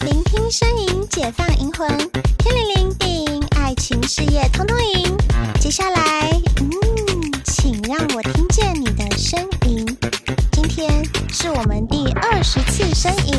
聆聽呻吟，解放靈魂，天靈靈地靈靈，愛情事業通通贏。接下來，嗯，請讓我聽見你的呻吟。今天是我們第二十次呻吟。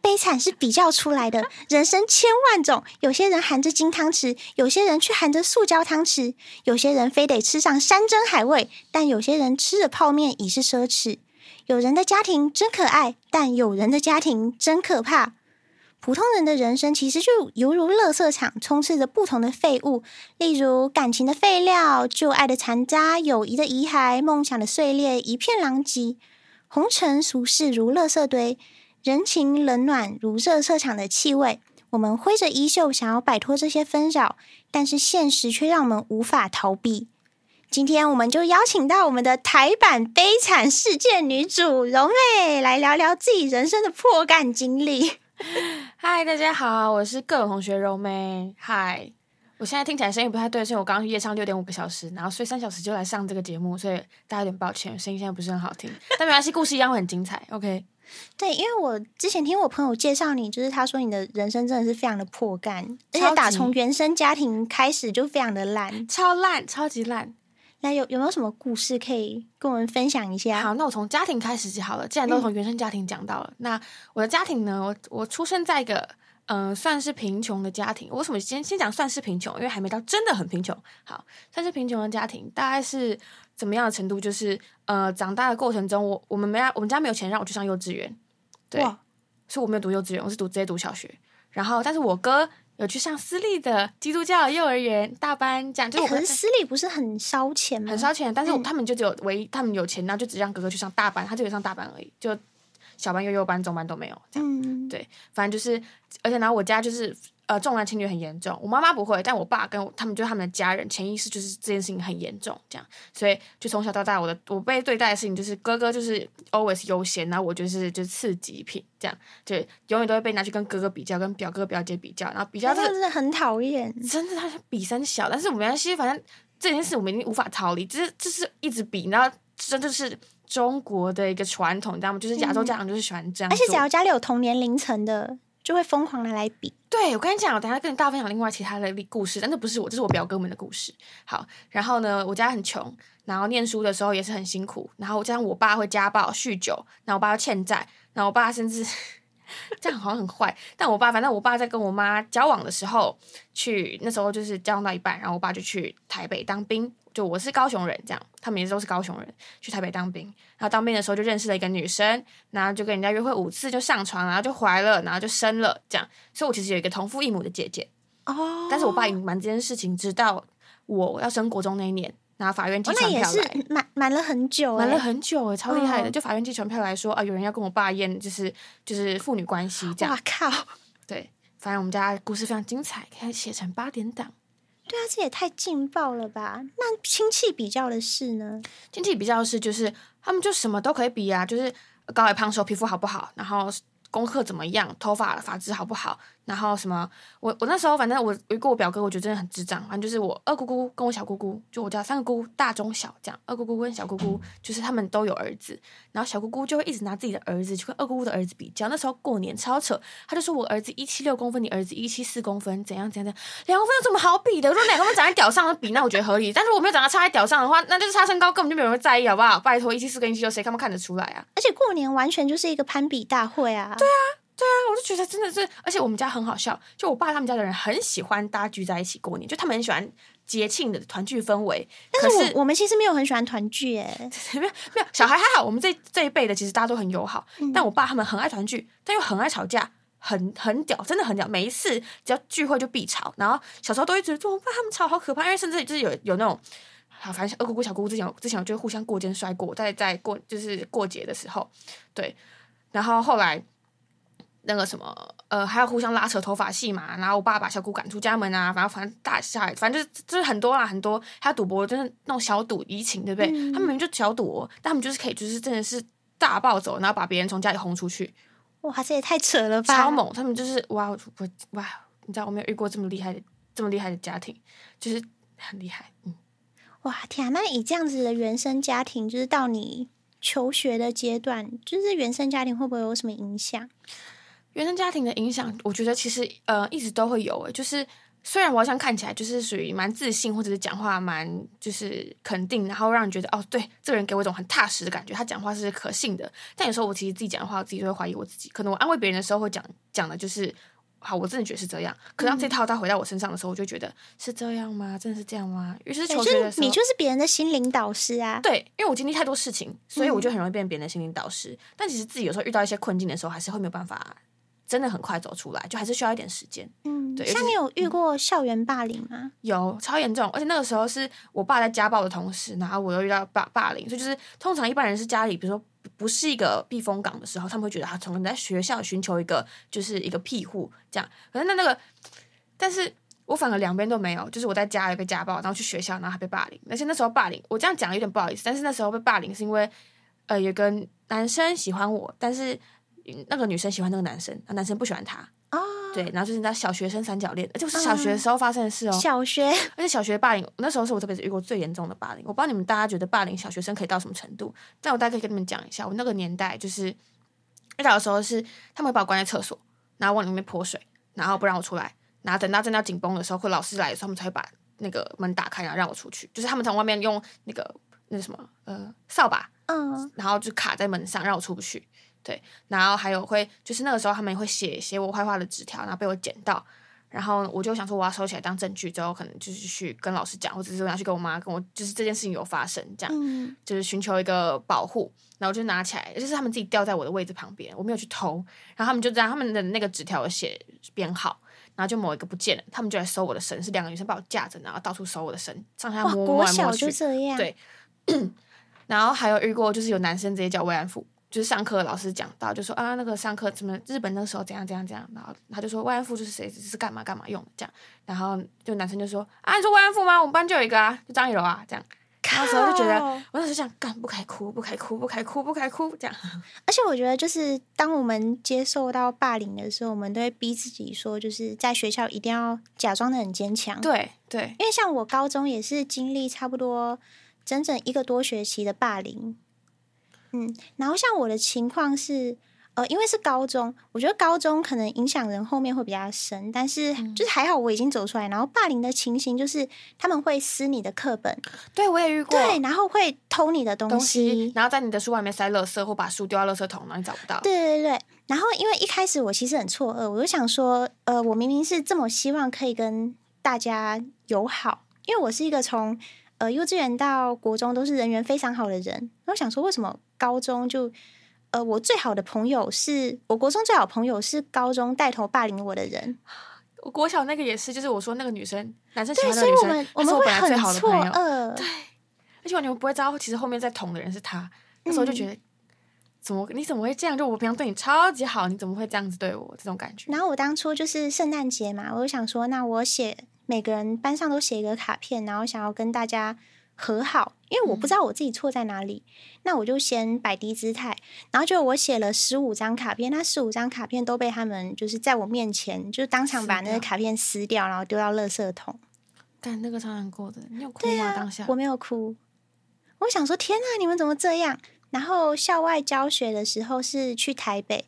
悲慘是比較出來的，人生千萬種，有些人含着金湯匙，有些人卻含着塑膠湯匙，有些人非得吃上山珍海味，但有些人吃着泡麵已是奢侈。有人的家庭真可愛，但有人的家庭真可怕。普通人的人生其實就猶如垃圾場，充斥着不同的廢物，例如感情的廢料、舊愛的殘渣、友誼的遺骸、夢想的碎裂，一片狼藉。紅塵俗世如垃圾堆，人情冷暖如垃圾場的氣味。我們揮着衣袖，想要擺脫這些紛擾，但是現實卻讓我們無法逃避。今天，我們就邀請到我們的台版悲慘世界女主柔妹，來聊聊自己人生的破幹經歷。嗨，Hi, 大家好，我是各種同學柔妹。嗨，我現在聽起來聲音不太對，所以我剛剛夜唱六點五個小時，然後睡三小時就來上這個節目，所以大家有點抱歉，聲音現在不是很好聽， 但沒關係，故事一樣會很精彩。OK，對，因為我之前聽我朋友介紹你，就是他說你的人生真的是非常的破幹，超級，而且打從原生家庭開始就非常的爛，超爛，超級爛。那有有沒有什麼故事可以跟我們分享一下？好，那我從家庭開始就好了。既然都從原生家庭講到了，嗯、那我的家庭呢？我我出生在一個嗯、呃，算是貧窮的家庭。我為什麼先先講算是貧窮？因為還沒到真的很貧窮。好，算是貧窮的家庭，大概是怎麼樣的程度？就是呃，長大的過程中，我我們沒我們家沒有錢讓我去上幼稚園。對，哇是我沒有讀幼稚園，我是讀直接讀小學。然後，但是我哥。有去上私立的基督教幼兒園大班這樣，誒就我，可是私立不是很燒錢嗎？很燒錢，嗯、但是他們就只有唯一他們有錢，然後就只讓哥哥去上大班，他就只上大班而已，就小班、幼幼班、中班都沒有這樣。嗯、對，反正就是，而且然後我家就是。呃，重男輕女很嚴重。我媽媽不會，但我爸跟他們，就他們的家人，潛意識就是這件事情很嚴重，這樣，所以就從小到大，我的我被對待的事情就是哥哥就是 always 優先，然後我就是就是次級品，這樣，就永遠都會被拿去跟哥哥比較，跟表哥、哥表姐比較，然後比較，就是、是真的很討厭，真的他比三小，但是我沒其實反正這件事我們已經無法逃離，就是就是一直比，然後這就是中國的一個傳統，你知道嗎？就是亞洲家長就是喜歡這樣，嗯，而且只要家裡有同年齡層的。就會瘋狂的來比，對，我跟你講，我等下跟你大家分享另外其他的故事，但這不是我，這是我表哥們的故事。好，然後呢，我家很窮，然後念書的時候也是很辛苦，然後加上我爸會家暴、酗酒，然後我爸又欠債，然後我爸甚至 這樣好像很壞，但我爸反正我爸在跟我媽交往的時候去，那時候就是交往到一半，然後我爸就去台北當兵。就我是高雄人，這樣，他們也都是高雄人，去台北當兵，然後當兵的時候就認識了一個女生，然後就跟人家約會五次，就上床，然後就懷了，然後就生了，這樣。所以，我其實有一個同父異母的姐姐哦，但是我爸隱瞞這件事情，直到我要升國中那一年，然後法院寄傳票來，瞞瞞了很久、欸，瞞了很久、欸，嗯、超厲害的，就法院寄傳票來說，啊，有人要跟我爸驗，就是就是父女關係，這樣。哇靠！對，反正我們家故事非常精彩，可以寫成八點檔。對啊，這也太勁爆了吧！那親戚比較的是呢？親戚比較的是就是他們就什麼都可以比啊，就是高矮胖瘦、皮膚好不好，然後功課怎麼樣、頭髮髮質好不好。然後什麼？我我那時候反正我我過我表哥，我覺得真的很智障。反正就是我二姑姑跟我小姑姑，就我家三個姑姑，大中小這樣。二姑姑跟小姑姑就是他們都有兒子，然後小姑姑就會一直拿自己的兒子去跟二姑姑的兒子比較。那時候過年超扯，他就說我兒子一七六公分，你兒子一七四公分，怎樣怎樣怎樣，兩公分有什麼好比的？如果兩公分長在屌上那比那我覺得合理，但是我沒有長得差在屌上的話，那就是差身高根本就沒人會在意好不好？拜托一七四跟一七六誰他們看得出來啊？而且過年完全就是一個攀比大會啊！對啊。對啊，我就覺得真的是，而且我們家很好笑，就我爸他們家的人很喜歡大家聚在一起過年，就他們很喜歡節慶的團聚氛圍。可是但是我，我們其實沒有很喜歡團聚耶，哎，沒有沒有。小孩還好，我們這這一輩的其實大家都很友好，嗯、但我爸他們很愛團聚，但又很愛吵架，很很屌，真的很屌。每一次只要聚會就必吵，然後小時候都一直說，我爸他們吵好可怕，因為甚至就是有有那種，啊、反正二姑姑小姑姑之前之前我就互相過肩摔過，在在過就是過節的時候，對，然後後來。那個什麼，呃，還要互相拉扯頭髮戲嘛，然後我爸把小姑趕出家門啊，反正反正大下反正就是就是很多啦，很多，還有賭博，就是那種小賭怡情，對不對？嗯、他們明明就小賭，但他們就是可以，就是真的是大暴走，然後把別人從家裡轟出去，哇，這也太扯了吧！超猛，他們就是哇，我，我哇，你知道我沒有遇過這麼厲害的、的這麼厲害的家庭，就是很厲害，嗯，哇天啊，那以這樣子的原生家庭，就是到你求學的階段，就是原生家庭會不會有什麼影響？原生家庭的影響，我覺得其實呃一直都會有。誒，就是雖然我好像看起來就是屬於蠻自信，或者是講話蠻就是肯定，然後讓你覺得哦，對，這個人給我一種很踏實的感覺，他講話是可信的。但有時候我其實自己講的話，我自己都會懷疑我自己。可能我安慰別人的時候會講講的就是好，我真的覺得是這樣。可當這套他回到我身上的時候，我就覺得是這樣嗎？真的是這樣嗎？於是求、就是你就是別人的心靈導師啊，對，因為我經歷太多事情，所以我就很容易變別人的心靈導師。嗯、但其實自己有時候遇到一些困境的時候，還是會沒有辦法。真的很快走出來，就還是需要一點時間。嗯，對。像你有遇過校園霸凌嗎？嗯、有，超嚴重。而且那個時候是我爸在家暴的同時，然後我又遇到霸霸凌。所以就是通常一般人是家裡，比如說不是一個避風港的時候，他們會覺得他從你在學校尋求一個就是一個庇護這樣。可是那那個，但是我反而兩邊都沒有，就是我在家裡被家暴，然後去學校然後還被霸凌。而且那時候霸凌，我這樣講有點不好意思，但是那時候被霸凌是因為，呃，有個男生喜歡我，但是。那個女生喜歡那個男生，那男生不喜歡她。啊，oh. 對，然後就是人家小學生三角戀，就是小學的時候發生的事。哦、喔。Uh, 小學，而且小學霸凌，那時候是我這輩子遇過最嚴重的霸凌。我不知道你們大家覺得霸凌小學生可以到什麼程度，但我大概可以跟你們講一下，我那個年代就是，我小的時候是他們會把我關在廁所，然後往裡面潑水，然後不讓我出來，然後等到真的要緊繃的時候，或者老師來的時候，他們才會把那個門打開，然後讓我出去。就是他們從外面用那個那個、什麼呃掃把，嗯，uh. 然後就卡在門上，讓我出不去。對，然後還有會，就是那個時候他們也會寫寫我壞話的紙條，然後被我撿到，然後我就想說我要收起來當證據，之後可能就是去跟老師講，或者是我要去跟我媽，跟我就是這件事情有發生，這樣，嗯、就是尋求一個保護。然後就拿起來，就是他們自己掉在我的位置旁邊，我沒有去偷，然後他們就這樣，他們的那個紙條我寫編號，然後就某一個不見了，他們就來搜我的身，是兩個女生把我架着，然後到處搜我的身，上下摸、摸、摸、摸來摸去。哇，國小就這樣。對， 然後還有遇過，就是有男生直接叫慰安婦。就是上課老師講到，就說啊，那個上課怎麼日本那時候怎樣怎樣怎樣，然後他就說慰安婦就是誰，這是幹嘛幹嘛用的這樣，然後就男生就說啊，你說慰安婦嗎？我們班就有一個啊，就張雨柔啊這樣。那時候就覺得，靠我當時想，幹，不可以哭，不可以哭，不可以哭，不可以哭，不可以哭這樣。而且我覺得，就是當我們接受到霸凌的時候，我們都會逼自己說，就是在學校一定要假裝得很堅強。對對，對因為像我高中也是經歷差不多整整一個多學期的霸凌。嗯，然後像我的情況是，呃，因為是高中，我覺得高中可能影響人後面會比較深，但是就是還好我已經走出來。然後霸凌的情形就是他們會撕你的課本，對我也遇過，對，然後會偷你的東西，東西然後在你的書外面塞樂色，或把書丟到樂色桶，然後你找不到。對對對對。然後因為一開始我其實很錯愕，我就想說，呃，我明明是這麼希望可以跟大家友好，因為我是一個從。呃，幼稚園到國中都是人緣非常好的人，然後想說為什麼高中就呃，我最好的朋友是，我國中最好朋友是高中帶頭霸凌我的人。我國小那個也是，就是我說那個女生，男生喜歡的女生，那時本來最好的朋友，我對，而且完全不會知道，其實後面在捅的人是他。嗯，那時候就覺得，怎麼你怎麼會這樣？就我平常對你超級好，你怎麼會這樣子對我？這種感覺。然後我當初就是聖誕節嘛，我就想說，那我寫。每個人班上都寫一個卡片，然後想要跟大家和好，因為我不知道我自己錯在哪裡，嗯、那我就先擺低姿態，然後就我寫了十五張卡片，那十五張卡片都被他們就是在我面前，就當場把那個卡片撕掉，撕掉，然後丟到垃圾桶。但那個超難過的，你有哭嗎？對啊、當下我沒有哭，我想說天哪，你們怎麼這樣？然後校外教學的時候是去台北，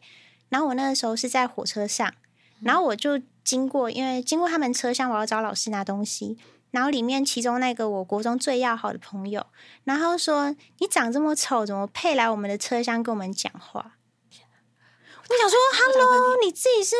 然後我那個時候是在火車上，然後我就、嗯。經過，因為經過他們車廂，我要找老師拿東西。然後裡面其中那個我國中最要好的朋友，然後說：“你長這麼醜，怎麼配來我們的車廂跟我們講話？”天哪我就想說，啊，“Hello，你，你自己是，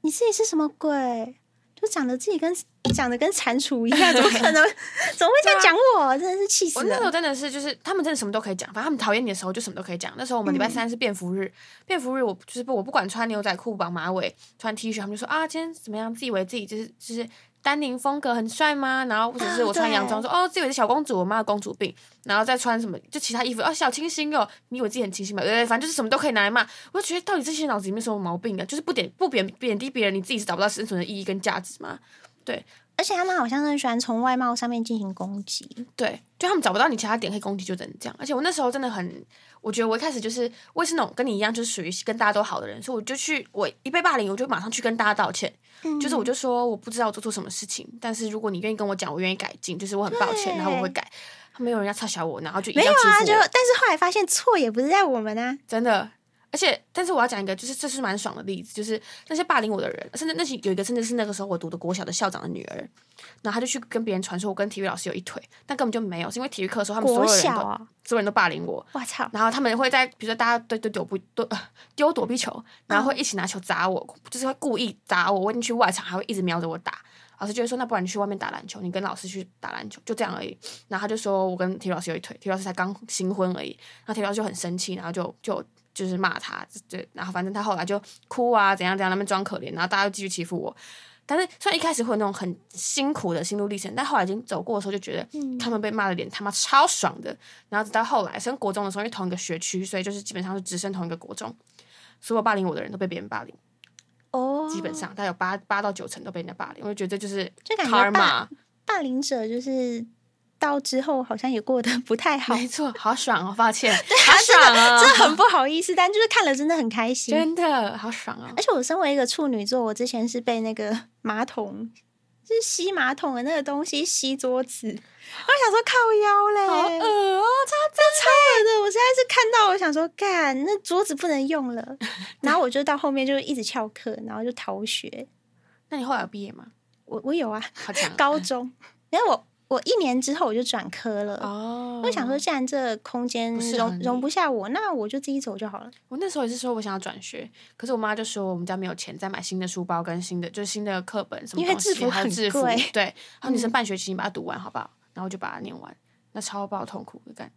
你自己是什麼鬼？就長得自己跟……”講的跟蟾蜍一樣，怎麼可能？ 啊、怎麼會這樣講我？真的是氣死！我那時候真的是，就是他們真的什麼都可以講，反正他們討厭你的時候就什麼都可以講。那時候我們禮拜三是便服日，便服、嗯、日我就是不，我不管穿牛仔褲綁馬尾，穿 T 恤，他們就說啊，今天怎麼樣？自以為自己就是就是丹寧風格很帥嗎？然後或者是我穿洋裝、啊、說哦，自以為是小公主，我媽的公主病，然後再穿什麼就其他衣服哦，小清新哦，你以為自己很清新嘛對，反正就是什麼都可以拿來罵。我就覺得，到底這些腦子裡面什麼毛病啊？就是不貶不貶貶低別人，你自己是找不到生存的意義跟價值嗎？對，而且他們好像很喜歡從外貌上面進行攻擊。對，就他們找不到你其他點可以攻擊，就只能這樣。而且我那時候真的很，我覺得我一開始就是，我也是那種跟你一樣，就是屬於跟大家都好的人，所以我就去，我一被霸凌，我就馬上去跟大家道歉，嗯，就是我就說我不知道我做錯什麼事情，但是如果你願意跟我講，我願意改進，就是我很抱歉，對然後我會改。他沒有人家嘲笑我，然後就一定要欺負我。啊、就但是後來發現錯也不是在我們啊，真的。而且，但是我要講一個，就是這是蠻爽的例子，就是那些霸凌我的人，甚至那些有一個，甚至是那個時候我讀的國小的校長的女兒，然後她就去跟別人傳說我跟體育老師有一腿，但根本就沒有，是因為體育課的時候，他們所有人都國小、啊、所有人都霸凌我，我操！然後他們會在比如說大家對對丟不丟丟躲避球，然後會一起拿球砸我，就是會故意砸我，我進去外場還會一直瞄着我打，老師就會說，那不然你去外面打籃球，你跟老師去打籃球，就這樣而已。然後他就說我跟體育老師有一腿，體育老師才剛新婚而已，然後體育老師就很生氣，然後就。就就是罵他，對，然後反正他後來就哭啊，怎樣怎樣，他們裝可憐，然後大家就繼續欺負我。但是雖然一開始會有那種很辛苦的心路歷程，但後來已經走過的時候，就覺得他們被罵的臉他媽、嗯、超爽的。然後直到後來升國中的時候，因為同一個學區，所以就是基本上是直升同一個國中，所有霸凌我的人都被別人霸凌。哦，基本上大概有八八到九成都被人家霸凌，我就覺得就是 karma, 就感覺霸,霸凌者就是。到之後好像也過得不太好。沒錯，好爽哦，抱歉，好爽真的很不好意思，但就是看了真的很開心，真的好爽啊！而且我身為一個處女座，我之前是被那個馬桶，就是吸馬桶的那個東西吸桌子，我想說靠腰嘞，好噁哦，超噁的。我現在是看到我想說，幹那桌子不能用了，然後我就到後面就一直翹課，然後就逃學。那你後來有畢業嗎？我我有啊，好強，高中，因為我。我一年之後我就轉科了，哦、我想說，既然這空間容不、啊、容不下我，那我就自己走就好了。我那時候也是說我想要轉學，可是我媽就說我們家沒有錢再買新的書包跟新的，就是新的課本什麼、啊，因為制服很貴。對，然後你生半學期你把它讀完好不好？然後我就把它念完，那超爆痛苦的感。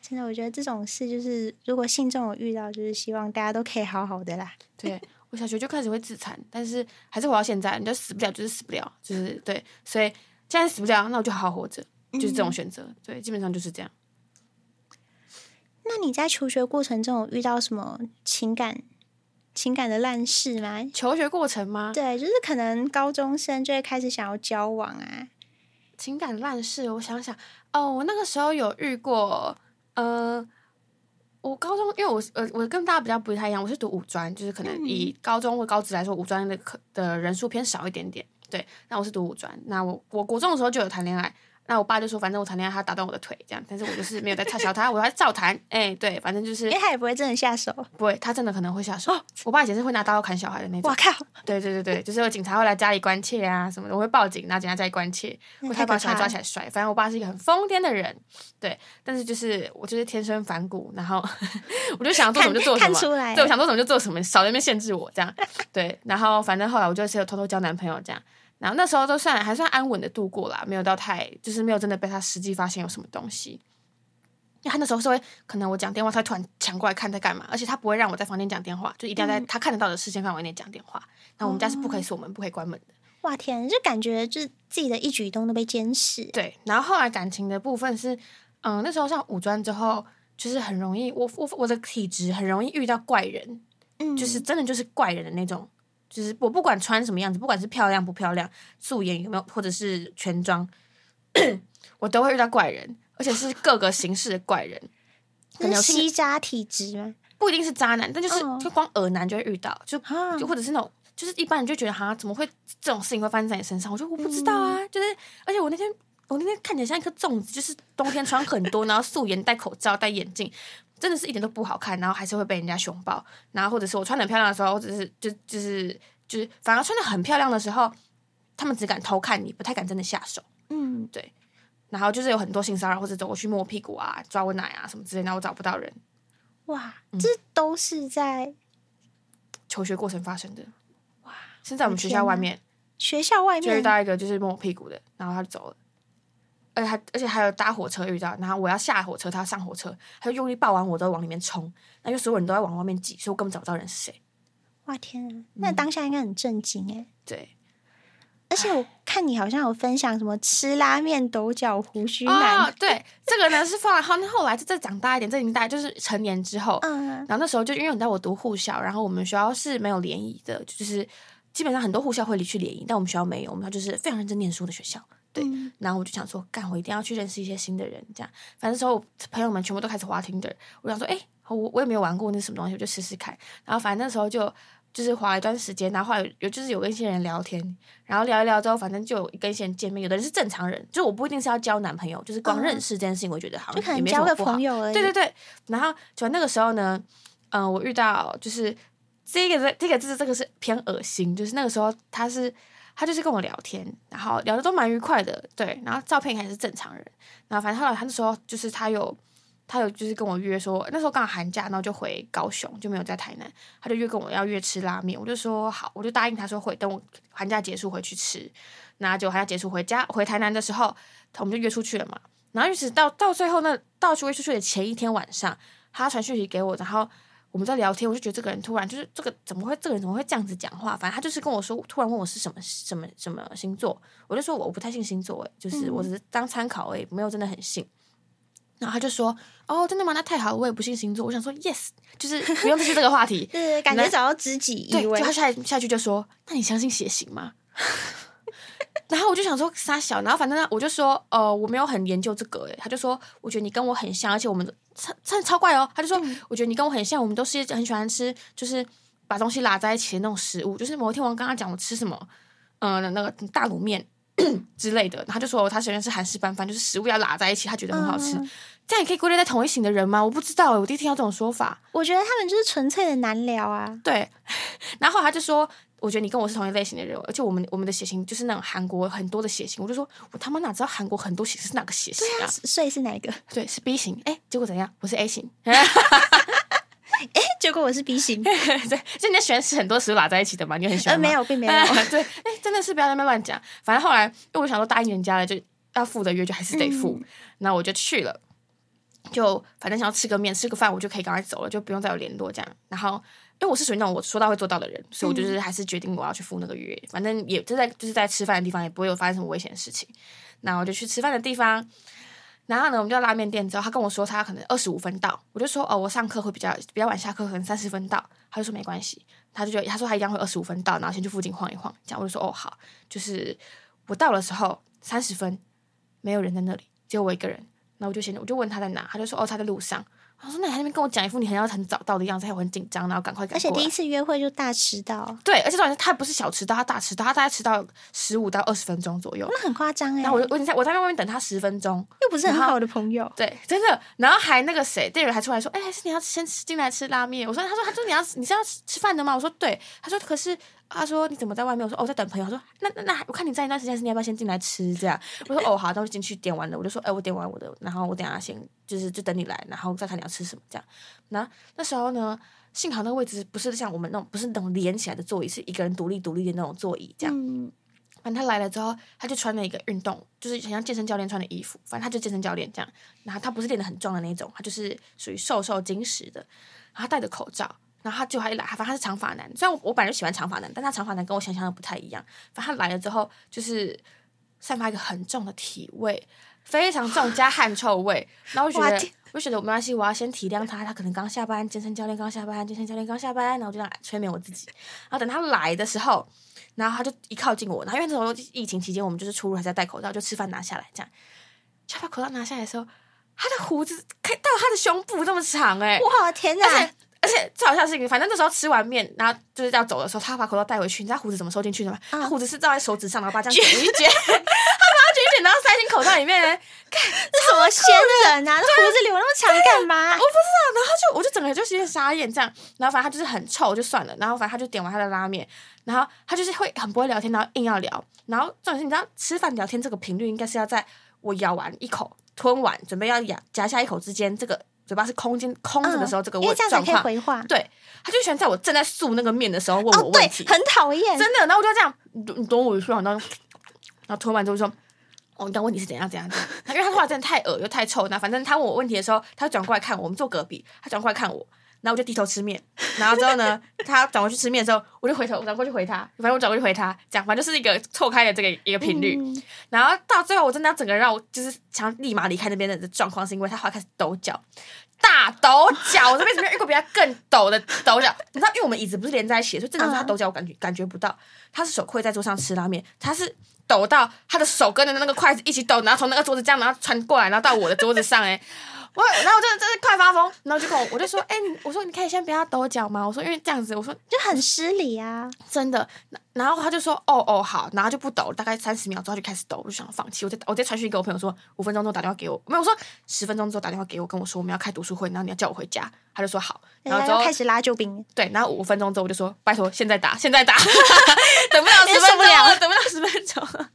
真的，我覺得這種事就是，如果信中我遇到，就是希望大家都可以好好的啦。對，我小學就開始會自殘， 但是還是活到現在，你就死不了，就是死不了，就是，對，所以。現在死不掉，那我就好好活着，就是這種選擇。嗯、對，基本上就是這樣。那你在求學過程中有遇到什麼情感情感的爛事嗎？求學過程嗎？對，就是可能高中生就會開始想要交往啊。情感爛事，我想想哦，我那個時候有遇過，呃，我高中因為我我我跟大家比較不太一樣，我是讀五專，就是可能以高中或高職來說，五專的課的人數偏少一點點。對，那我是讀五專，那我我國中的時候就有談戀愛，那我爸就說，反正我談戀愛，他打斷我的腿這樣，但是我就是沒有在怕小他， 我還照談，哎、欸，對，反正就是，因為他也不會真的下手，不會，他真的可能會下手。哦、我爸以前是會拿刀砍小孩的那種。哇靠，對對對對，就是有警察會來家裡關切啊什麼的，我會報警，然後警察再關切，他把小孩抓起來甩。反正我爸是一個很瘋癲的人，對，但是就是我就是天生反骨，然後 我就想做什麼就做什麼，對看，我想做什麼就做什麼，來少在那邊限制我這樣，對，然後反正後來我就只有偷偷交男朋友這樣。因為然後那時候都算還算安穩的度過了，沒有到太，就是沒有真的被他實際發現有什麼東西。他那時候是會，可能我講電話，他突然搶過來看在幹嘛，而且他不會讓我在房間講電話，就一定要在、嗯、他看得到的視線範圍內講電話。那、嗯、我們家是不可以鎖門，不可以關門的。哇天，就感覺就是自己的一舉一動都被監視。對，然後後來感情的部分是，嗯，那時候上五專之後，就是很容易，我我我的體質很容易遇到怪人，嗯，就是真的就是怪人的那種。就是我不管穿什麼樣子，不管是漂亮不漂亮，素顏有沒有，或者是全妝， 我都會遇到怪人，而且是各個形式的怪人。很， 有吸渣體質嗎？不一定是渣男，但就是、哦、就光耳男就會遇到，就、啊、就或者是那種就是一般人就覺得哈，怎麼會這種事情會發生在你身上？我覺得我不知道啊，嗯、就是而且我那天我那天看起來像一顆粽子，就是冬天穿很多， 然後素顏戴口罩戴眼鏡。真的是一點都不好看，然後還是會被人家熊抱，然後或者是我穿的漂亮的時候，或者是就就是就是反而穿的很漂亮的時候，他們只敢偷看你，不太敢真的下手。嗯，對。然後就是有很多性騷擾，或者走過去摸我屁股啊、抓我奶啊什麼之類的，我找不到人。哇，嗯、這都是在求學過程發生的。哇，是在我們學校外面。學校外面遇到一個就是摸我屁股的，然後他就走了。而且還，而且還有搭火車遇到，然後我要下火車，他要上火車，他就用力抱完我，都往裡面衝。那就所有人都在往外面擠，所以我根本找不到人是誰。哇天！啊！那當下應該很震驚誒、嗯、對。而且我看你好像有分享什麼吃拉麵抖腳鬍鬚男、哦、奶哦，對，欸、這個呢 是放了好。那後來就再長大一點，這已經大概就是成年之後。嗯啊、然後那時候就因為你在我讀護校，然後我們學校是沒有聯誼的，就是基本上很多護校會離去聯誼，但我們學校沒有，我們學校就是非常認真念書的學校。對，嗯、然後我就想說，幹，我一定要去認識一些新的人，這樣。反正時候朋友們全部都開始滑 Tinder，我想說，誒我我也沒有玩過那什麼東西，我就試試看。然後反正那時候就就是滑了一段時間，然後有有就是有跟一些人聊天，然後聊一聊之後，反正就跟一些人見面，有的人是正常人，就是我不一定是要交男朋友，就是光認識這件事情，我覺得好像也沒什麼不好。對對對，然後就那個時候呢，嗯、呃，我遇到就是這一個這一個是、這個、這個是偏噁心，就是那個時候他是。他就是跟我聊天，然後聊得都蠻愉快的，對。然後照片還是正常人，然後反正他他那時候就是他有他有就是跟我約說，那時候剛好寒假，然後就回高雄，就沒有在台南。他就約跟我要約吃拉麵，我就說好，我就答應他說會等我寒假結束回去吃。那就寒假結束回家回台南的時候，我們就約出去了嘛。然後一直到到最後那到處約出去的前一天晚上，他傳訊息給我，然後。我們在聊天，我就覺得這個人突然就是這個怎麼會這個人怎麼會這樣子講話？反正他就是跟我說，突然問我是什麼什麼什麼星座，我就說我，我不太信星座誒，就是我只是當參考誒，嗯、沒有真的很信。然後他就說哦，真的嗎？那太好了，我也不信星座。我想說 yes，就是不用繼續這個話題， 對後感覺找到知己。對，為就他下下去就說，那你相信血型嗎？ 然後我就想說撒小，然後反正呢，我就說呃，我沒有很研究這個誒，他就說我覺得你跟我很像，而且我們的。超超怪哦！他就說，我覺得你跟我很像，我們都是很喜歡吃，就是把東西拉在一起的那種食物。就是某一天我剛剛講我吃什麼，呃，那個大滷麵之類的，他就說他喜歡吃韓式拌飯，就是食物要拉在一起，他覺得很好吃。嗯、這樣也可以歸類在同一型的人嗎？我不知道，我第一次聽到這種說法。我覺得他們就是純粹的難聊啊。對，然後他就說。我覺得你跟我是同一類型的人，而且我們我們的血型就是那種韓國很多的血型，我就說我他媽哪知道韓國很多血是哪個血型啊？啊所以是哪一個？對，是 B 型。哎、欸，結果怎樣？我是 A 型。哎、 欸，結果我是 B 型。 對，就你喜歡吃很多食物拉在一起的嘛？你很喜歡？呃、沒有，並沒有。 對，哎、欸，真的是不要那麼亂講。反正後來，因為我想說答應人家了，就要赴的約，就還是得赴。那、嗯、我就去了。就反正想要吃個麵、吃個飯，我就可以趕快走了，就不用再有聯絡這樣。然後。因為我是屬於那種我說到會做到的人，所以我就是還是決定我要去赴那個約，嗯、反正也就在就是在吃飯的地方，也不會有發生什麼危險的事情。那我就去吃飯的地方，然後呢，我們就到拉麵店之後，他跟我說他可能二十五分到，我就說哦，我上課會比較比較晚下課，可能三十分到，他就說沒關係，他就覺得他說他一定會二十五分到，然後先去附近晃一晃。這樣我就說哦好，就是我到的時候三十分，沒有人在那裡，只有我一個人。那我就先我就問他在哪，他就說哦他在路上。我說：“你還在那邊跟我講一副你很要很早到的樣子，還有很緊張，然後趕快趕趕。”而且第一次約會就大遲到。對，而且他不是小遲到，他大遲到，他大概遲到十五到二十分鐘左右，那很誇張哎。然後我就我我在外面等他十分鐘，又不是很好的朋友。對，真的，然後還那個誰，店員還出來說：“哎、欸，還是你要先進來吃拉麵？”我說：“他說他說你要你是要吃飯的嗎？”我說：“對。”他說：“可是。”他說：“你怎麼在外面？”我說：“哦，在等朋友。”他說那：“那那那，我看你在一段時間，是你要不要先進來吃？這樣？”我說：“哦，好，那我進去點完了。”我就說：“哎，我點完我的，然後我等下先就是就等你來，然後再看你要吃什麼。”這樣。那那時候呢，幸好那個位置不是像我們那種不是那種連起來的座椅，是一個人獨立獨立的那種座椅。這樣。嗯。反正他來了之後，他就穿了一個運動，就是很像健身教練穿的衣服。反正他就健身教練這樣。然後他不是練的很壯的那種，他就是屬於瘦瘦精實的。然後他戴着口罩。然後他就還一來，反正他是長髮男，雖然我，我本來就喜歡長髮男，但他長髮男跟我想象的不太一樣。反正他來了之後，就是散發一個很重的體味，非常重加汗臭味。啊、然後我覺得，哇天，我就覺得沒關係，我要先體諒他，他可能剛下班，健身教練剛下班，健身教練剛下班。然後就這樣催眠我自己。然後等他來的時候，然後他就一靠近我，然後因為這種疫情期間，我們就是出入還是戴口罩，就吃飯拿下來這樣。就把口罩拿下來的時候，他的鬍子開到他的胸部這麼長，欸，哎，哇天哪！而且最搞笑的是，反正那時候吃完麵，然後就是要走的時候，他要把口罩帶回去，你知道鬍子怎麼收進去的嗎？啊、他鬍子是繞在手指上，然後把這樣捲一捲， 他把它捲一捲，然後塞進口罩裡面。 幹這什麼仙人啊？他鬍子留那麼長幹嘛？我不知道。然後就，我就整個就有點傻眼這樣。然後反正他就是很臭就算了。然後反正他就點完他的拉麵，然後他就是會很不會聊天，然後硬要聊。然後重點是，你知道吃飯聊天這個頻率應該是要在我咬完一口、吞完準備要咬夾下一口之間這個。嘴巴是空間，空着的時候，這個我狀況，對，他就喜歡在我正在塑那個麵的時候問我問題，哦、對，很討厭，真的。然後我就這樣你懂我的說，然後，然後吞完之後說：“我、哦、剛問題是怎樣怎樣怎樣。” 因為他說話真的太惡又太臭。那反正他問我問題的時候，他轉過來看我，我們坐隔壁，他轉過來看我。然後我就低頭吃麵，然後之後呢，他轉過去吃麵的時候， 我就回頭我轉過去回他，反正我轉過去回他，講反正就是一個錯開的這個一個頻率。嗯、然後到最後，我真的要整個人讓我就是想立馬離開那邊的狀況，是因為他後來開始抖腳，大抖腳！ 我這輩子沒有遇過比他更抖的抖腳。 你知道，因為我們椅子不是連在一起，所以正常說他抖腳我感覺、嗯、感覺不到。他是手握在桌上吃拉麵，他是抖到他的手跟着那個筷子一起抖，然後從那個桌子這樣，然後穿過來，然後到我的桌子上哎、欸。 我，然後我真的真的快發瘋，然後就跟我，我就說，哎、欸，我說你可以先不要抖腳嗎？我說因為這樣子，我說就很失禮啊，真的。然後他就說，哦哦好，然後就不抖，大概三十秒之後就開始抖，我就想要放棄。我再我再傳訊給我朋友說，五分鐘之後打電話給我，沒有我說十分鐘之後打電話給我，跟我說我們要開讀書會，然後你要叫我回家。他就說好，然後就、欸、開始拉救兵。對，然後五分鐘之後我就說，拜托現在打，現在打， 等不了,分不了，受不了，等不了十分鐘。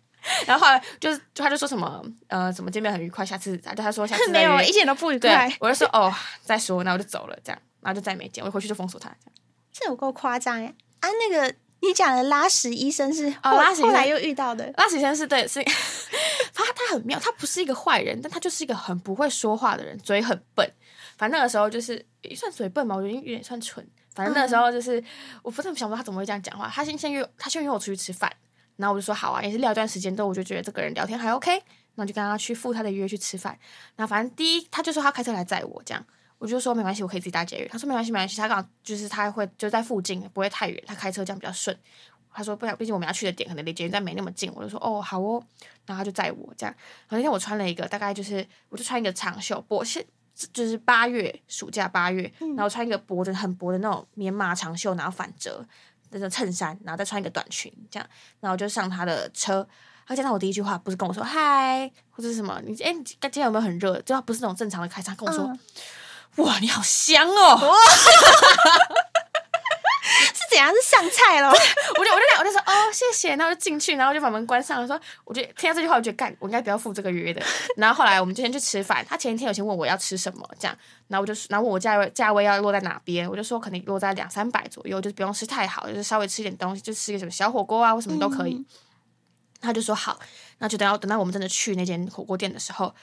然後後來就是，就他就說什麼，呃，怎麼見面很愉快，下次，對他就說，下次沒有，一點都不愉快。對我就說，哦，再說，那我就走了，這樣，然後就再沒見。我回去就封鎖他，這，這有夠誇張呀。啊，那個你講的拉屎醫生是，哦，拉屎醫生後來又遇到的，拉屎醫生是對，是， 他他很妙，他不是一個壞人，但他就是一個很不會說話的人，嘴很笨，反正那個時候就是也算嘴笨嘛，我覺得有點算蠢，反正那個時候就是，嗯、我不太想問他怎麼會這樣講話？他先先約，他先約我出去吃飯。然後我就說好啊，也是聊一段時間後，我就覺得這個人聊天還 OK，然後就跟他去赴他的約去吃飯。然後反正第一，他就說他開車來載我，這樣，我就說沒關係，我可以自己搭捷運。他說沒關係，沒關係。他剛好就是他會就是、在附近，不會太遠，他開車這樣比較順。他說不想，畢竟我們要去的點可能離捷運站沒那麼近。我就說哦，好哦。然後他就載我這樣。然後那天我穿了一個大概就是，我就穿一個長袖薄，是就是八月暑假八月，嗯、然後穿一個薄的很薄的那種棉麻長袖，然後反折，襯衫，然後再穿一個短裙，這樣，然後就上他的車。他見到我第一句話不是跟我說嗨，或者是什麼，你哎，你今天有沒有很熱？最後不是那種正常的開場，跟我說，嗯、哇，你好香哦。哇 等下是上菜了！我就我就我就說哦謝謝，然後就進去，然後就把門關上了。說，我就聽到這句話，我覺得幹，我應該不要赴這個約的。然後後來我們就先去吃飯。他前一天有先問我要吃什麼，這樣，然後我就然後問我價位價位要落在哪邊，我就說可能落在兩三百左右，就是不用吃太好，就是稍微吃一點東西，就吃個什麼小火鍋啊，或什麼都可以。嗯、他就說好，那就等到等到我們真的去那間火鍋店的時候，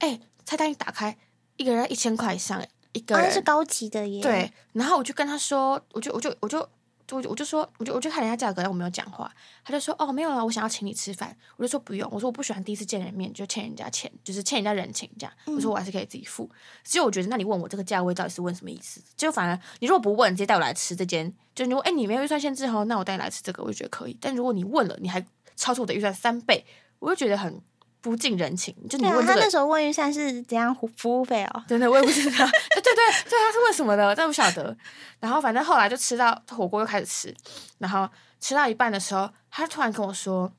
哎、欸，菜單一打開，一個人要一千塊以上，一個人、哦、是高級的耶。對，然後我就跟他說，我就我就我就。我就就我我就說，我就我就看人家價格，但我沒有講話。他就說，哦，沒有啊，我想要請你吃飯。我就說不用，我說我不喜歡第一次見人面就欠人家錢，就是欠人家人情這樣。我說我還是可以自己付。所以、嗯、我覺得，那你問我這個價位到底是問什麼意思？結果反而你如果不問，直接帶我來吃這間，就你哎、欸，你沒有預算限制哦，那我帶你來吃這個，我就覺得可以。但如果你問了，你還超出我的預算三倍，我就覺得很。不近人情，就你問他那時候問一下是怎樣服務費哦？真的我也不知道，對對對， 他是問什麼的？但我不曉得。然後反正後來就吃到火鍋又開始吃，然後吃到一半的時候，他就突然跟我說：“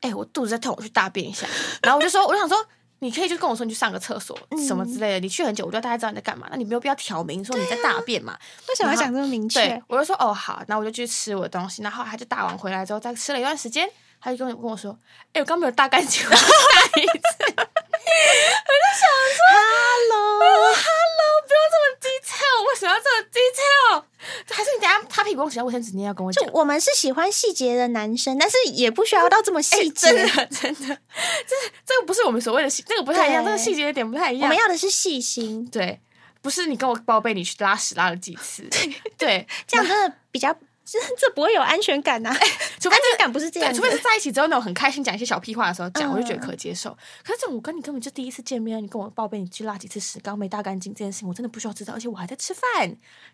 哎、欸，我肚子在痛，我去大便一下。” 然後我就說，我想說，你可以就跟我說你去上個廁所、嗯、什麼之類的，你去很久，我就大概知道你在幹嘛，那你沒有必要挑明說你在大便嘛？啊、後為什麼要講這麼明確？我就說：“哦，好，那我就去吃我的東西。”然後他就大完回來之後，再吃了一段時間。他就跟我跟我說：“誒、欸、我剛沒有大乾淨，我要大一次。” 我就想說，哈嘍哈嘍不要這麼 detail，我喜歡這種 detail。”還是你等下擦屁股，喜歡我先直接要跟我講。就我們是喜歡細節的男生，但是也不需要，要到這麼細緻、欸，真的真的，就是這個不是我們所謂的細，這個不太一樣，對這個細節有點不太一樣。我們要的是細心，對，不是你跟我報備你去拉屎拉了幾次，對， 這樣真的比較。這這不會有安全感吶、啊，欸除這個、安全感不是這樣，除非是在一起之後那種很開心講一些小屁話的時候講，嗯啊、我就覺得可接受。可是這種我跟你根本就第一次見面，你跟我報備你去拉幾次屎，剛沒大乾淨這件事情，我真的不需要知道，而且我還在吃飯。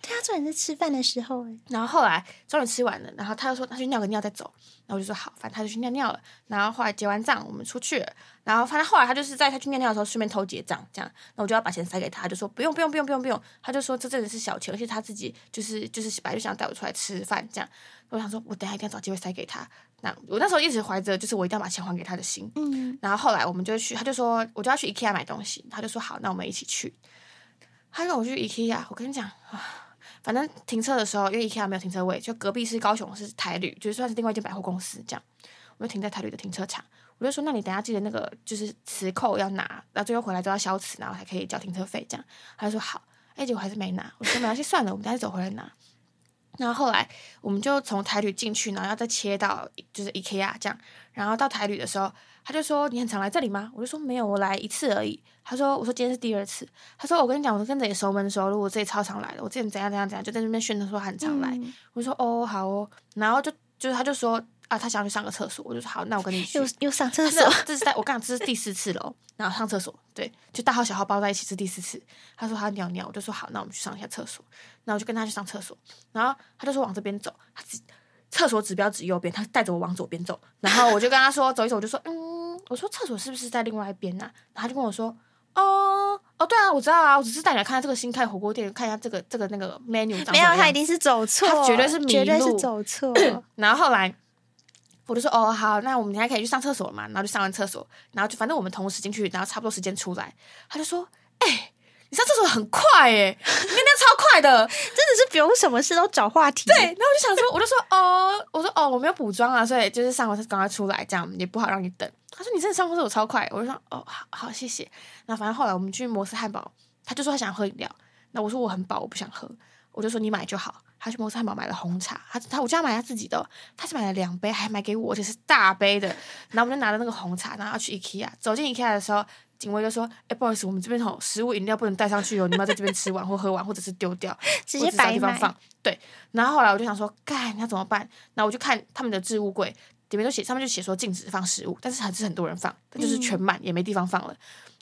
對啊，重點是吃飯的時候、欸、然後後來終於吃完了，然後他又說他去尿個尿再走。然後我就說好，反正他就去尿尿了。然後後來結完賬我們出去了。然後反正後來他就是在他去尿尿的時候，順便偷結賬這樣。那我就要把錢塞給他，他就說不用不用不用不用不用。他就說這真的是小錢，而且他自己就是就是本來就想帶我出來吃飯這樣。我想說我等一下一定要找機會塞給他。那我那時候一直懷着就是我一定要把錢還給他的心。嗯嗯。然後後來我們就去，他就說我就要去 IKEA 買東西，他就說好，那我們一起去。他讓我去 IKEA，我跟你講啊。反正停車的時候，因為 IKEA 沒有停車位，就隔壁是高雄是台旅，就算是另外一間百貨公司這樣，我就停在台旅的停車場。我就說：“那你等下記得那個就是磁扣要拿，然後最後回來都要消磁，然後才可以交停車費這樣。”他就說：“好。欸”哎，結果還是沒拿。我說：“沒關係，算了，我們等下走回來拿。”然後後來，我們就從台旅進去，然後要再切到就是 IKEA 這樣。然後到台旅的時候，他就說：“你很常來這裡嗎？”我就說：“沒有，我來一次而已。”他說：“我說今天是第二次。”他說：“我跟你講，我是跟誰熟門熟路，我自己超常來的。我之前怎樣怎樣怎樣，就在那邊炫的說很常來。嗯”我說：“哦，好。”哦。」然後就就是他就說：“啊，他想要去上個廁所。”我就說：“好，那我跟你去。有”又又上廁所，啊、這是在我剛講這是第四次了。 然後上廁所，對，就大號小號包在一起是第四次。他說他尿尿，我就說：“好，那我們去上一下廁所。”然後我就跟他去上廁所，然後他就說往這邊走，他廁所指標指右邊，他帶着我往左邊走。然後我就跟他說 走一走，我就說嗯，我說廁所是不是在另外一邊啊？然後他就跟我說哦哦，對啊，我知道啊，我只是帶你來看這個新開火鍋店，看一下這個這個、這個、那個 menu 沒有，他一定是走錯，他絕對是迷路，絕對是走錯。 然後後來我就說哦好，那我們等下可以去上廁所嘛？然後就上完廁所，然後就反正我們同時進去，然後差不多時間出來，他就說哎。欸你上廁所很快你、欸、那那超快的，真的 是不用什麼事都找話題。對，然後我就想說，我就說哦，我說哦，我沒有補妝啊，所以就是上完廁所剛剛出來，這樣也不好讓你等。他說你真的上廁所超快，我就說哦好，好謝謝。然後反正後來我們去摩斯漢堡，他就說他想喝飲料，那我說我很飽，我不想喝，我就說你買就好。他去摩斯漢堡買了紅茶，他他我就要買他自己的，他是買了兩杯，還買給我，就是大杯的。然後我們就拿着那個紅茶，然後要去 IKEA。走進 IKEA 的時候，警衛就說：“哎、欸，不好意思，我們這邊吼食物飲料不能帶上去哦，你們要在這邊吃完或喝完， 或者是丟掉，直接擺地方放。”對。然後後來我就想說：“幹，你要怎麼辦？”那我就看他們的置物櫃，裡面都寫上面就寫說禁止放食物，但是還是很多人放，但就是全滿、嗯、也沒地方放了。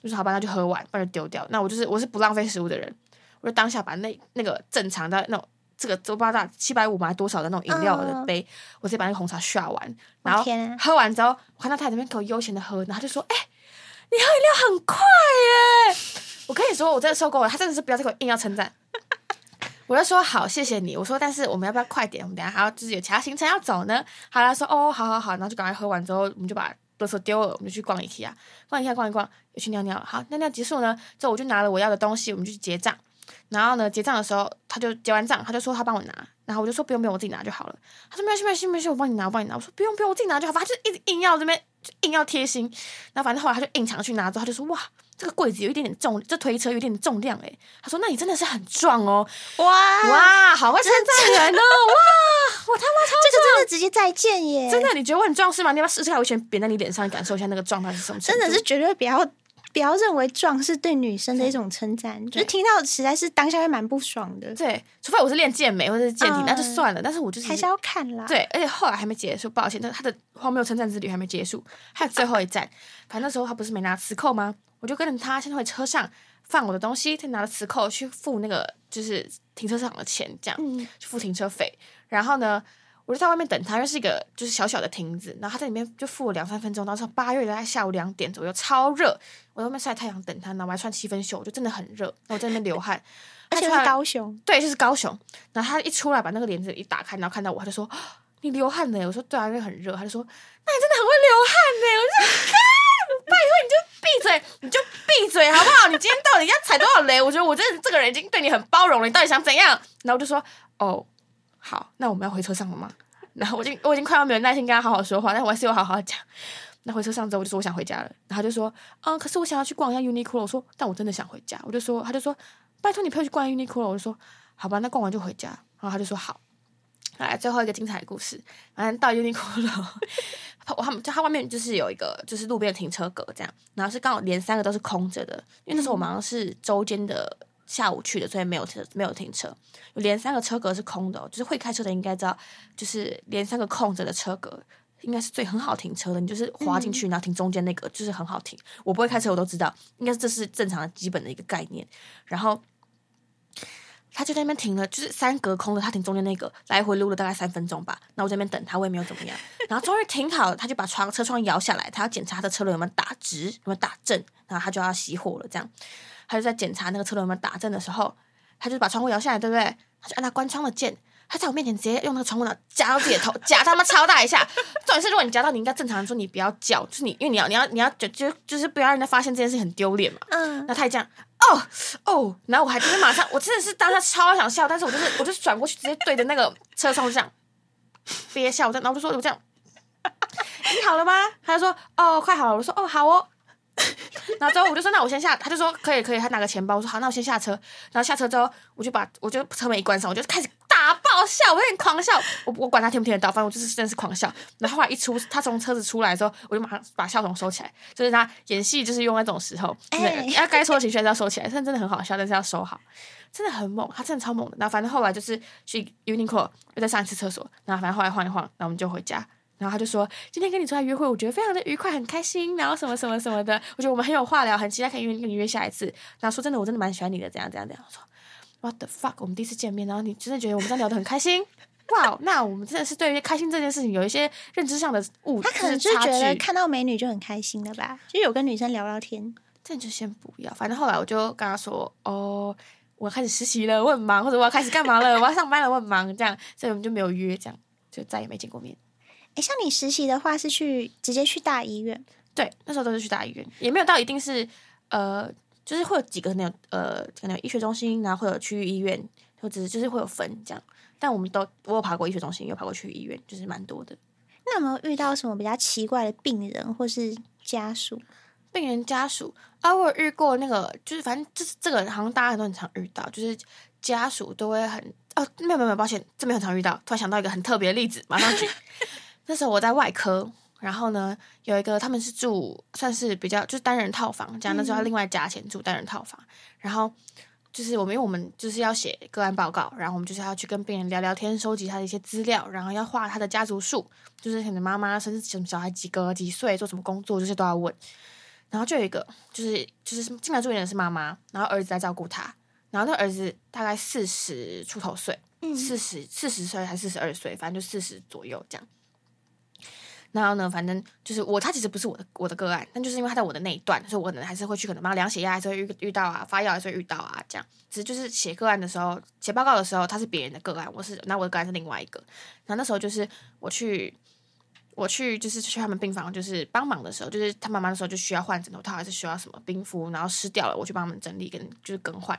我說好：“好吧，那就喝完，那就丟掉。”那我就是我是不浪費食物的人，我就當下把那那個正常的那種這個周八大七百五嘛多少的那種飲料的杯，哦、我直接把那個紅茶下完，然後、啊、喝完之後，我看到他這邊給我悠閒的喝，然後就說：“哎、欸。”你喝飲料很快耶、欸！我跟你說，我真的受夠了，他真的是不要這個硬要稱讚， 我就說好，謝謝你。我說，但是我們要不要快點？我們等下還要就是有其他行程要走呢。好啦，說哦，好好好，然後就趕快喝完之後，我們就把垃圾丟了，我們就去逛一下、啊，逛一下，逛一逛，又去尿尿了。好，尿尿結束呢，之後我就拿了我要的東西，我們就去結賬。然後呢，結賬的時候，他就結完賬，他就說他幫我拿，然後我就說不用不用，我自己拿就好了。他說沒事沒事沒事，我幫你拿我幫你拿。我說不用不用，我自己拿就好。反正就一直硬要這邊，硬要貼心。然後反正後來他就硬搶去拿之後，他就說哇，這個櫃子有一點點重，這推車有一點點重量誒、欸、他說那你真的是很壯哦，哇哇，好會稱讚人哦，哇，哇，我他媽超壯，這個真的直接再見耶。真的你覺得我很壯是嗎？你要試試看，我以前扁在你臉上，感受一下那個狀態是什麼。真的是絕對比較。不要認為壯是對女生的一種稱讚，Okay. 就是聽到實在是當下會蠻不爽的。對，除非我是練健美或者是健體，嗯、那就算了。但是我就是還是要看啦。對，而且後來還沒結束，抱歉，但他的荒謬稱讚之旅還沒結束，還有最後一站。啊、反正那時候他不是沒拿磁扣嗎？我就跟着他先回車上放我的東西，他拿了磁扣去付那個就是停車場的錢，這樣去、嗯、付停車費。然後呢，我就在外面等他，因、就、為是一個就是小小的亭子，然後他在裡面就付我兩三分鐘，那時候八月的下午兩點左右，超熱，我在外面曬太陽等他，然後我還穿七分袖，我就真的很熱，然後我在那邊流汗。而且是高雄。對，就是高雄。然後他一出來，把那個簾子一打開，然後看到我他就說：“哦、你流汗了、欸。”我說：“對啊，因為很熱。”他就說：“那你真的很會流汗呢、欸。”我說：“那 拜托，你就閉嘴，你就閉嘴好不好？ 你今天到底要踩多少雷？我覺得我真的這個人已經對你很包容了，你到底想怎樣？”然後我就說：“哦。”好，那我們要回車上了嗎？然後我已經，我已經快要沒有耐心跟他好好說話，但我還是有好好好講。那回車上之後，我就說我想回家了。然後他就說，嗯，可是我想要去逛一下 UNIQLO。我說，但我真的想回家。我就說，他就說，拜託你陪我去逛 UNIQLO。我就說，好吧，那逛完就回家。然後他就說好。來，最後一個精彩的故事，反正到 UNIQLO，我他們 就他外面就是有一個就是路邊的停車格這樣，然後是剛好連三個都是空着的，因為那時候我們好像是週間的。下午去的，所以沒有停，沒有停車。連三個車格是空的。哦，就是會開車的應該知道，就是連三個空着的車格，應該是最很好停車的。你就是滑進去，嗯、然後停中間那個，就是很好停。我不會開車，我都知道，應該這是正常的、基本的一個概念。然後他就在那邊停了，就是三格空的，他停中間那個，來回溜了大概三分鐘吧。那我在那邊等他，我也沒有怎麼樣。 然後終於停好，他就把窗車窗搖下來，他要檢查他的車輪有沒有打直，有沒有打正，然後他就要熄火了，這樣。他就在檢查那個車輪有沒有打震的時候，他就把窗戶搖下來，對不對？他就按他關窗的鍵，他在我面前直接用那個窗戶夾到自己的頭，夾他媽超大一下。重點是，如果你夾到你，你應該正常說你不要叫，就是你因為你要你要你要就就就是不要讓人家發現這件事很丟臉嘛。嗯。那他也這樣哦哦，然後我還真的、就是、馬上，我真的是當下超想笑，但是我就是我就轉過去直接對着那個車窗就這樣憋笑，然後我就說我這樣，你好了嗎？他就說哦，快好了。我說哦，好哦。 然後之後我就說，那我先下。他就說可以可以。他拿個錢包，我說好，那我先下車。然後下車之後，我就把我就車門一關上，我就開始大爆笑，我有點狂笑。我我管他聽不聽得到，反正我就是真的是狂笑。然後後來一出，他從車子出來之後我就馬上把笑容收起來。就是他演戲，就是用那種時候，哎，要該、呃、說的情緒還是要收起來。雖然真的很好笑，但是要收好，真的很猛，他真的超猛的。然後反正後來就是去 Uniqlo，又再上一次廁所。然後反正後來晃一晃，然後我們就回家。然後他就說：“今天跟你出來約會，我覺得非常的愉快，很開心。然後什麼什麼什麼的，我覺得我們很有話聊，很期待可以跟你約，跟你約下一次。”然後說真的，我真的蠻喜歡你的，這樣這樣這樣。我說：“What the fuck？” 我們第一次見面，然後你真的覺得我們這樣聊得很開心？哇、wow！那我們真的是對於開心這件事情有一些認知上的誤，他可能就覺得距看到美女就很開心了吧？就有跟女生聊聊天，這就先不要。反正後來我就跟他說：“哦，我要開始實習了，我很忙，或者我要開始幹嘛了， 我要上班了，我很忙。”這樣，所以我們就沒有約，這樣就再也沒見過面。哎，像你實習的話，是去直接去大醫院？對，那時候都是去大醫院，也沒有到一定是呃，就是會有幾個那個呃，可能醫學中心，然後會有區域醫院，或者就是會有分這樣。但我們都，我有爬過醫學中心，有爬過區域醫院，就是蠻多的。那有沒有遇到什麼比較奇怪的病人或是家屬？病人家屬啊，我有遇過那個，就是反正就是這個，好像大家都很常遇到，就是家屬都會很哦，沒有沒有，沒有，抱歉，這邊很常遇到，突然想到一個很特別的例子，馬上舉。 那時候我在外科，然後呢，有一個他們是住算是比較就是單人套房這樣，嗯、那時候要另外加錢住單人套房。然後就是我們因為我們就是要寫個案報告，然後我們就是要去跟病人聊聊天，收集他的一些資料，然後要畫他的家族樹，就是可能媽媽甚至什麼小孩幾個幾歲做什麼工作，就這些都要問。然後就有一個就是就是進來住院的是媽媽，然後兒子在照顧他，然後那兒子大概四十出頭歲，四十四十歲還四十二歲，反正就四十左右這樣。然後呢，反正就是我，他其實不是我的我的個案，但就是因為他在我的那一段，所以我可能還是會去，可能幫他量血壓，還是會遇遇到啊，發藥還是遇到啊，這樣。只是就是寫個案的時候，寫報告的時候，他是別人的個案，我是，那我的個案是另外一個。然後那時候就是我去，我去就是去他們病房，就是幫忙的時候，就是他媽媽的時候就需要換枕頭套，他還是需要什麼冰敷，然後濕掉了，我去幫他們整理跟就是更換。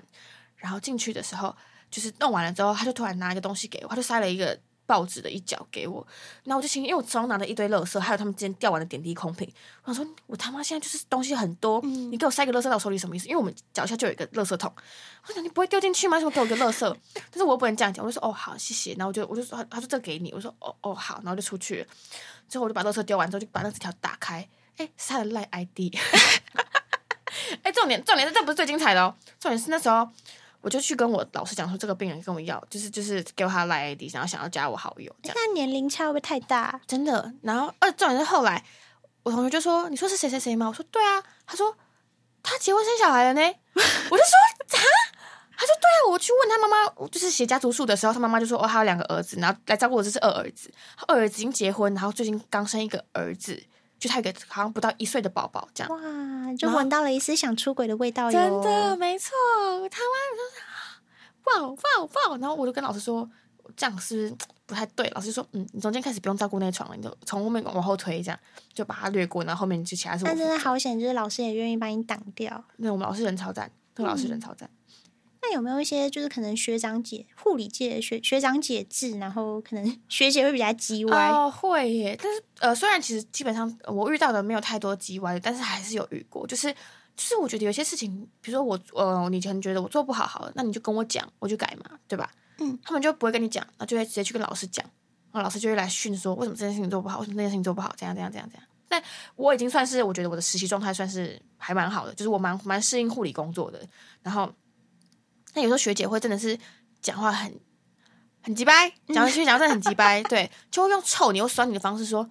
然後進去的時候，就是弄完了之後，他就突然拿一個東西給我，他就塞了一個。報紙的一角給我，然後我就想，因為我手上拿了一堆垃圾，還有他們今天掉完的點滴空瓶。我想說：“我他媽現在就是東西很多，嗯、你給我塞個垃圾到我手裡什麼意思？”因為我們腳下就有一個垃圾桶。我想：“你不會丟進去嗎？為什麼給我個垃圾？” 但是我不能這樣講，我就說：“哦，好，謝謝。然哦哦”然後我就我就說：“他說這給你。”我說：“哦哦好。”然後就出去了。之後我就把垃圾丟完之後，就把那紙條打開，哎、欸，是他的賴 ID。哎、 欸，重點重點是這不是最精彩的哦，重點是那時候。我就去跟我老師講說，這個病人跟我要，就是就是給我他賴 ID，然後想要加我好友。那年齡差會不會太大？真的。然後，呃、啊，重點是後來我同學就說：“你說是誰誰誰嗎？”我說：“對啊。”他說：“他結婚生小孩了呢。” 我就說：“啊？”他說：“對啊。”我去問他媽媽，就是寫家族樹的時候，他媽媽就說：“哦，他有兩個兒子，然後來照顧我，這是二兒子。他二兒子已經結婚，然後最近剛生一個兒子。”就他一個好像不到一歲的寶寶這樣，哇，就聞到了一絲想出軌的味道喲。真的沒錯，他媽的，抱抱抱，然後我就跟老師說，這樣是不是不太對？老師說，嗯，你從今天開始不用照顧那床了，你就從後面往後推，這樣就把它略過，然後後面就其他是。但真的好險，就是老師也願意把你擋掉。那我們老師人超贊，那、這個老師人超贊。嗯那有沒有一些就是可能學長姐護理界學學長姐制，然後可能學姐會比較嘰歪？哦會耶，但是呃雖然其實基本上、呃、我遇到的沒有太多嘰歪，但是還是有遇過，就是就是我覺得有些事情，比如說我呃你可能覺得我做不好，好了，那你就跟我講，我就改嘛，對吧？嗯，他們就不會跟你講，那就會直接去跟老師講，然後老師就會來訓說為什麼這件事情做不好，為什麼那件事情做不好，怎樣怎樣怎樣怎樣。那我已經算是我覺得我的實習狀態算是還蠻好的，就是我蠻蠻適應護理工作的，然後。那有時候學姐會真的是講話很很直白，講，學姐講真的很直白， 對，就會用臭你、又酸你的方式說。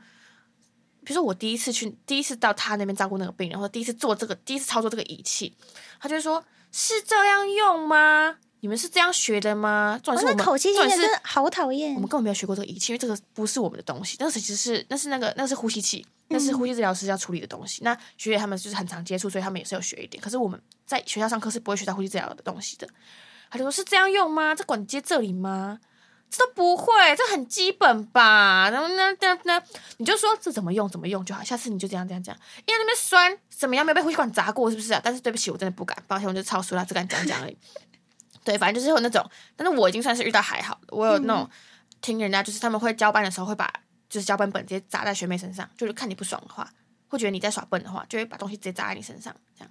比如說我第一次去，第一次到他那邊照顧那個病人，然後第一次做這個，第一次操作這個儀器，他就會說：“是這樣用嗎？你們是這樣學的嗎？”重點是我們，重點、哦、是好討厭，我們根本沒有學過這個儀器，因為這個不是我們的東西。當時其實是、就是、那是那個，那是呼吸器。那是呼吸治療師要處理的東西。那學姐他們就是很常接觸，所以他們也是有學一點。可是我們在學校上課是不會學到呼吸治療的東西的。他就說：“是這樣用嗎？這管接這裡嗎？這都不會，這很基本吧？”那那那，你就說這怎麼用怎麼用就好。下次你就這樣這樣講，因為那邊酸怎麼樣沒被呼吸管砸過，是不是啊？但是對不起，我真的不敢，抱歉，我就超輸了，只敢講講而已。 對，反正就是有那種，但是我已經算是遇到還好的，我有那種、嗯、聽人家，就是他們會交班的時候會把。就是小本本直接砸在學妹身上，就是看你不爽的話，會覺得你在耍笨的話，就會把東西直接砸在你身上，這樣。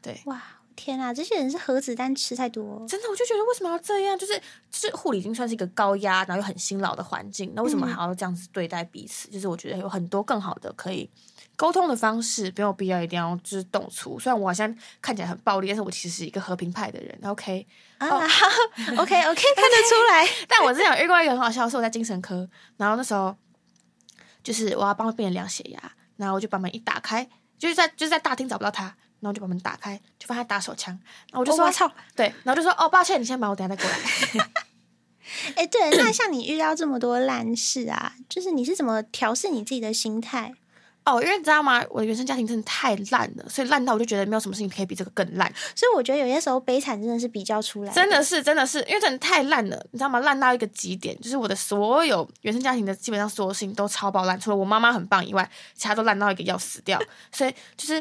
對，哇，天哪、啊，這些人是核子彈吃太多，真的，我就覺得為什麼要這樣？就是，就是護理已經算是一個高壓，然後又很辛勞的環境，那為什麼還要這樣子對待彼此？嗯、就是我覺得有很多更好的可以溝通的方式，沒有必要一定要就是動粗。雖然我好像看起來很暴力，但是我其實是一個和平派的人。OK，啊，OK，OK 看得出來。Okay. 但我之前遇過一個很好笑，是我在精神科，然後那時候。就是我要幫我病人量血壓，然後我就把門一打開，就是在就是在大廳找不到他，然後我就把門打開，就幫他打手槍，然後我就說：“我操、哦！”對，然後就說：“哦，抱歉，你先把我等下再過來。 ”哎、 欸，對， 那像你遇到這麼多爛事啊，就是你是怎麼調適你自己的心態？哦，因為你知道嗎？我的原生家庭真的太爛了，所以爛到我就覺得沒有什麼事情可以比這個更爛。所以我覺得有些時候悲慘真的是比較出來的，真的是真的是，因為真的太爛了，你知道嗎？爛到一個極點，就是我的所有原生家庭的基本上所有事情都超爆爛，除了我媽媽很棒以外，其他都爛到一個要死掉。 所以就是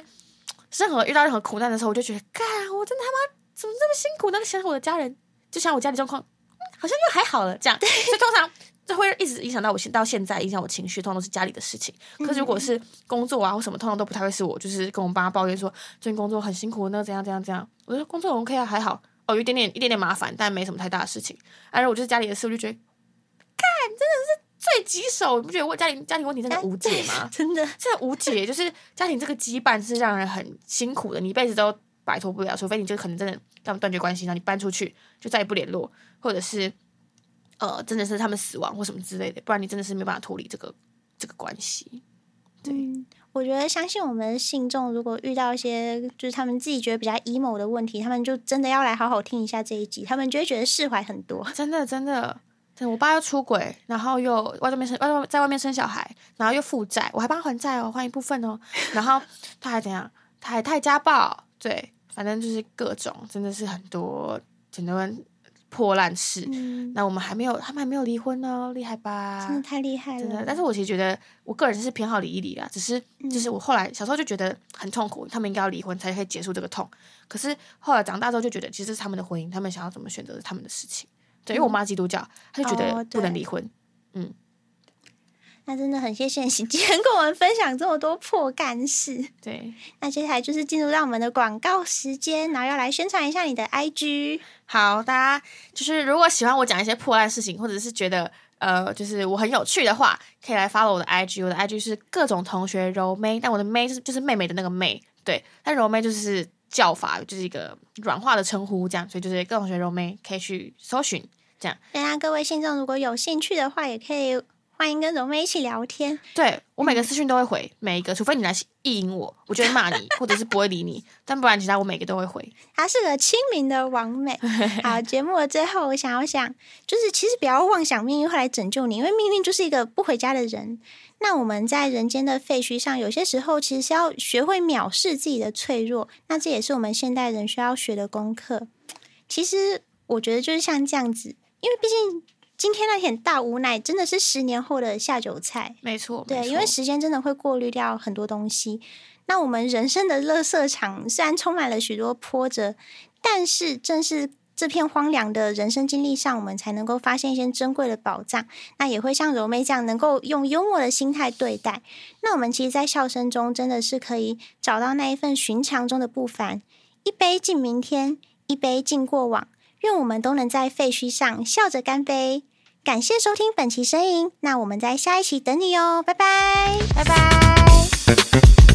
任何遇到任何苦難的時候，我就覺得，幹，我真的他媽怎麼這麼辛苦呢？難道想想我的家人，就像我家裡狀況、嗯、好像又還好了這樣？就對通常。這會一直影響到我，到現在，影響我情緒，通常都是家裡的事情。可是如果是工作啊或什麼，通常都不太會是我，就是跟我爸抱怨說最近工作很辛苦，那個怎樣怎樣怎樣。我說工作我 OK 啊，還好，哦，有一點點一點點麻煩，但沒什麼太大的事情。而、啊、我就是家裡的事，我就覺得，幹真的是最棘手，你不覺得？我家裡家庭問題真的無解嗎？欸、真的真的無解，就是家庭這個羈絆是讓人很辛苦的，你一輩子都擺脫不了，除非你就可能真的斷斷絕關係，然後你搬出去就再也不聯絡，或者是。呃，真的是他們死亡或什麼之類的，不然你真的是沒辦法脫離這個這個關係。對、嗯，我覺得相信我們信眾，如果遇到一些就是他們自己覺得比較 emo 的問題，他們就真的要來好好聽一下這一集，他們就會覺得釋懷很多。真的，真的，我爸又出軌，然後又外面生外在外面生小孩，然後又負債，我還幫他還債哦，還一部分哦，然後他還怎樣？他還太家暴，對，反正就是各種，真的是很多很多破爛事，嗯、那我們還沒有，他們還沒有離婚呢、哦，厲害吧？真的太厲害了。真的，但是我其實覺得，我個人是偏好離一離啊，只是，就是我後來小時候就覺得很痛苦，他們應該要離婚才可以結束這個痛。可是後來長大之後就覺得，其實是他們的婚姻，他們想要怎麼選擇是他們的事情。對，嗯、因為我媽基督教，她就覺得不能離婚。哦、嗯。那真的很謝謝今天跟我們分享這麼多破干事。對，那接下來就是進入到我們的廣告時間，然後要來宣傳一下你的 IG。好的，大家就是如果喜歡我講一些破案事情，或者是覺得呃就是我很有趣的話，可以來 follow 我的 IG。我的 IG 是各種同學柔妹，但我的妹，就是就是妹妹的那個妹。對，但柔妹就是叫法就是一個軟化的稱呼，這樣，所以就是各種同學柔妹可以去搜尋。這樣，另外、啊、各位信眾如果有興趣的話，也可以。歡迎跟柔妹一起聊天。對，我每個私訊都會回每一個，除非你來意淫我，我就會罵你，或者是不會理你。 但不然，其他我每個都會回。她是個親民的王美。好，節目的最後，我想要想，就是其實不要妄想命運會來拯救你，因為命運就是一個不回家的人。那我們在人間的廢墟上，有些時候其實是要學會藐視自己的脆弱。那這也是我們現代人需要學的功課。其實我覺得就是像這樣子，因為畢竟。今天那點大無奈真的是十年後的下酒菜，沒錯錯，對，錯因為時間真的會過濾掉很多東西。那我們人生的垃圾場雖然充滿了許多波折，但是正是這片荒涼的人生經歷上，我們才能夠發現一些珍貴的寶藏。那也會像柔妹這樣，能夠用幽默的心態對待。那我們其實，在笑聲中，真的是可以找到那一份尋常中的不凡。一杯敬明天，一杯敬過往。願我們都能在廢墟上笑着乾杯。感謝收聽本期聲寅，那我們在下一期等你哦，拜拜，拜拜。